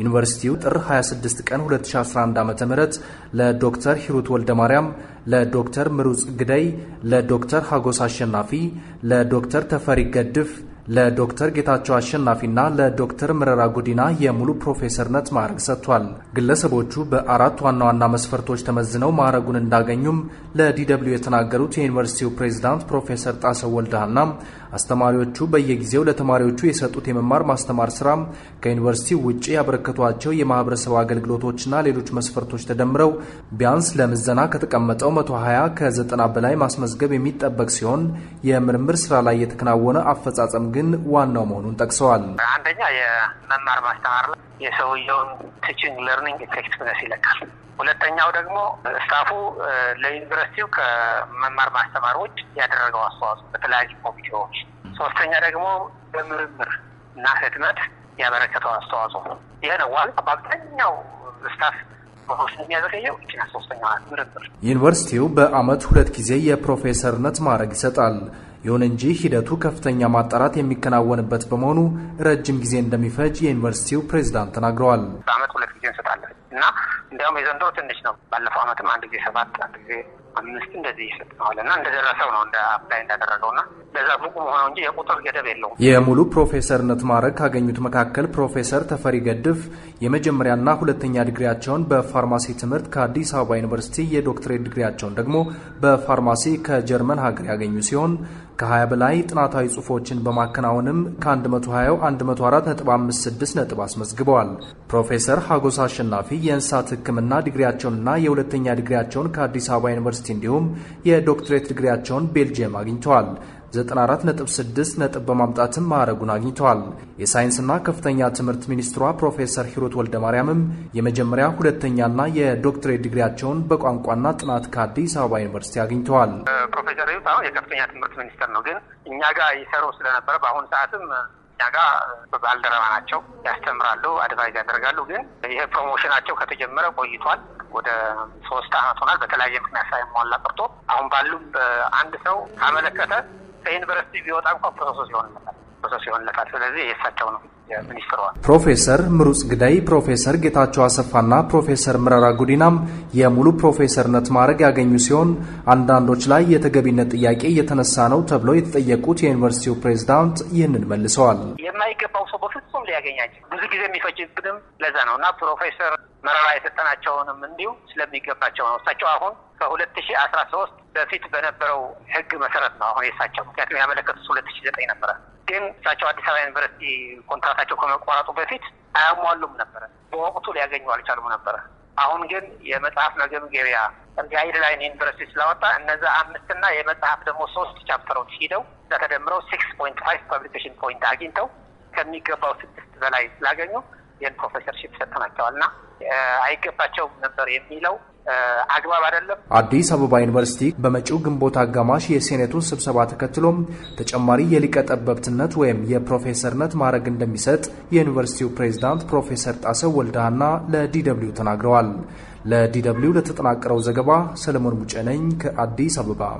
ዩኒቨርሲቲው ጥር 26 ቀን 2011 ዓ ም ለዶክተር ሂሩት ወልደ ማርያም፣ ለዶክተር ምሩጽ ግደይ፣ ለዶክተር ሀጎስ አሸናፊ፣ ለዶክተር ተፈሪ ገድፍ ለዶክተር ጌታቸው አሸናፊና ለዶክተር ምረራ ጉዲና የሙሉ ፕሮፌሰርነት ማዕረግ ሰጥቷል። ግለሰቦቹ በአራት ዋና ዋና መስፈርቶች ተመዝነው ማዕረጉን እንዳገኙም ለዲደብሊው የተናገሩት የዩኒቨርሲቲው ፕሬዝዳንት ፕሮፌሰር ጣሰው ወልደሃና አስተማሪዎቹ በየጊዜው ለተማሪዎቹ የሰጡት የመማር ማስተማር ስራ ከዩኒቨርሲቲው ውጭ ያበረከቷቸው የማህበረሰብ አገልግሎቶችና ሌሎች መስፈርቶች ተደምረው ቢያንስ ለምዘና ከተቀመጠው 120 ከ90 በላይ ማስመዝገብ የሚጠበቅ ሲሆን የምርምር ስራ ላይ የተከናወነ አፈጻጸም ግን ዋናው መሆኑን ጠቅሰዋል። አንደኛ የመማር ማስተማር ላይ የሰውየውን ቲችንግ ለርኒንግ ኢፌክቲቭነስ ይለካል። ሁለተኛው ደግሞ ስታፉ ለዩኒቨርሲቲው ከመማር ማስተማር ውጭ ያደረገው አስተዋጽኦ በተለያዩ ኮሚቴዎች፣ ሶስተኛ ደግሞ በምርምር እና ህትመት ያበረከተው አስተዋጽኦ ይህ ነው ዋል በአብዛኛው ስታፍ ሶስተኛ ምርምር ዩኒቨርሲቲው በአመት ሁለት ጊዜ የፕሮፌሰርነት ማዕረግ ይሰጣል። ይሁን እንጂ ሂደቱ ከፍተኛ ማጣራት የሚከናወንበት በመሆኑ ረጅም ጊዜ እንደሚፈጅ የዩኒቨርሲቲው ፕሬዚዳንት ተናግረዋል። በአመት ሁለት ጊዜ እንሰጣለን እና እንዲያውም የዘንድሮ ትንሽ ነው። ባለፈው አመትም አንድ ጊዜ ሰባት አንድ ጊዜ አምስት እንደዚህ ይሰጥ ነዋል እና እንደደረሰው ነው እንደ አፕላይ እንዳደረገው ና ለዛ ብቁ እንጂ የቁጥር ገደብ የለውም። የሙሉ ፕሮፌሰርነት ማዕረግ ካገኙት መካከል ፕሮፌሰር ተፈሪ ገድፍ የመጀመሪያና ሁለተኛ ዲግሪያቸውን በፋርማሲ ትምህርት ከአዲስ አበባ ዩኒቨርሲቲ፣ የዶክትሬት ዲግሪያቸውን ደግሞ በፋርማሲ ከጀርመን ሀገር ያገኙ ሲሆን ከ20 በላይ ጥናታዊ ጽሑፎችን በማከናወንም ከ120 ነጥ ነጥብ አስመዝግበዋል። ፕሮፌሰር ሀጎስ አሸናፊ የእንስሳት ሕክምና ዲግሪያቸውንና የሁለተኛ ዲግሪያቸውን ከአዲስ አበባ ዩኒቨርሲቲ እንዲሁም የዶክትሬት ዲግሪያቸውን ቤልጅየም አግኝተዋል። 94.6 ነጥብ በማምጣትም ማዕረጉን አግኝተዋል። የሳይንስና ከፍተኛ ትምህርት ሚኒስትሯ ፕሮፌሰር ሂሩት ማርያምም የመጀመሪያ ሁለተኛና የዶክትሬት ዲግሪያቸውን በቋንቋና ጥናት ከአዲስ አበባ ዩኒቨርሲቲ አግኝተዋል። ፕሮፌሰር ሂሩት አሁን የከፍተኛ ትምህርት ሚኒስትር ነው፣ ግን እኛ ጋር ይሰሩ ስለነበረ በአሁኑ ሰዓትም እኛ ጋር ባልደረባ ናቸው። ያስተምራሉ፣ አድቫይዝ ያደርጋሉ። ግን ይሄ ፕሮሞሽናቸው ከተጀመረ ቆይቷል። ወደ ሶስት አመት ሆናል። በተለያየ ምክንያት ሳይሟላ ቀርቶ አሁን ባሉ አንድ ሰው ካመለከተ ከዩኒቨርሲቲ ቢወጣ እንኳ ፕሮሰስ ይሆንለታል ፕሮሰስ ይሆንለታል። ስለዚህ የእሳቸው ነው ሚኒስትሯ ፕሮፌሰር ምሩጽ ግዳይ፣ ፕሮፌሰር ጌታቸው አሰፋና ፕሮፌሰር ምረራ ጉዲናም የሙሉ ፕሮፌሰርነት ማዕረግ ያገኙ ሲሆን አንዳንዶች ላይ የተገቢነት ጥያቄ እየተነሳ ነው ተብለው የተጠየቁት የዩኒቨርሲቲው ፕሬዚዳንት ይህንን መልሰዋል። የማይገባው ሰው በፍጹም ሊያገኛቸው ብዙ ጊዜ የሚፈጅብንም ለዛ ነው እና ፕሮፌሰር ምረራ የሰጠናቸውንም እንዲሁ ስለሚገባቸው ነው እሳቸው አሁን ከሁለት ሺ አስራ ሶስት በፊት በነበረው ህግ መሰረት ነው አሁን የሳቸው። ምክንያቱም ያመለከቱት ሁለት ሺ ዘጠኝ ነበረ። ግን እሳቸው አዲስ አበባ ዩኒቨርሲቲ ኮንትራታቸው ከመቋረጡ በፊት አያሟሉም ነበረ። በወቅቱ ሊያገኙ አልቻሉም ነበረ። አሁን ግን የመጽሐፍ መገምገሚያ ጋይድላይን ዩኒቨርሲቲ ስላወጣ እነዛ አምስትና የመጽሐፍ ደግሞ ሶስት ቻፕተሮች ሂደው እዛ ተደምረው ሲክስ ፖይንት ፋይቭ ፐብሊኬሽን ፖይንት አግኝተው ከሚገባው ስድስት በላይ ስላገኙ ይህን ፕሮፌሰርሽፕ ሰጥተናቸዋል እና አይገባቸውም ነበር የሚለው አግባብ አይደለም። አዲስ አበባ ዩኒቨርሲቲ በመጪው ግንቦት አጋማሽ የሴኔቱን ስብሰባ ተከትሎም ተጨማሪ የሊቀ ጠበብትነት ወይም የፕሮፌሰርነት ማዕረግ እንደሚሰጥ የዩኒቨርሲቲው ፕሬዝዳንት ፕሮፌሰር ጣሰው ወልዳና ለዲደብሊው ተናግረዋል። ለዲደብሊው ለተጠናቀረው ዘገባ ሰለሞን ሙጨነኝ ከአዲስ አበባ።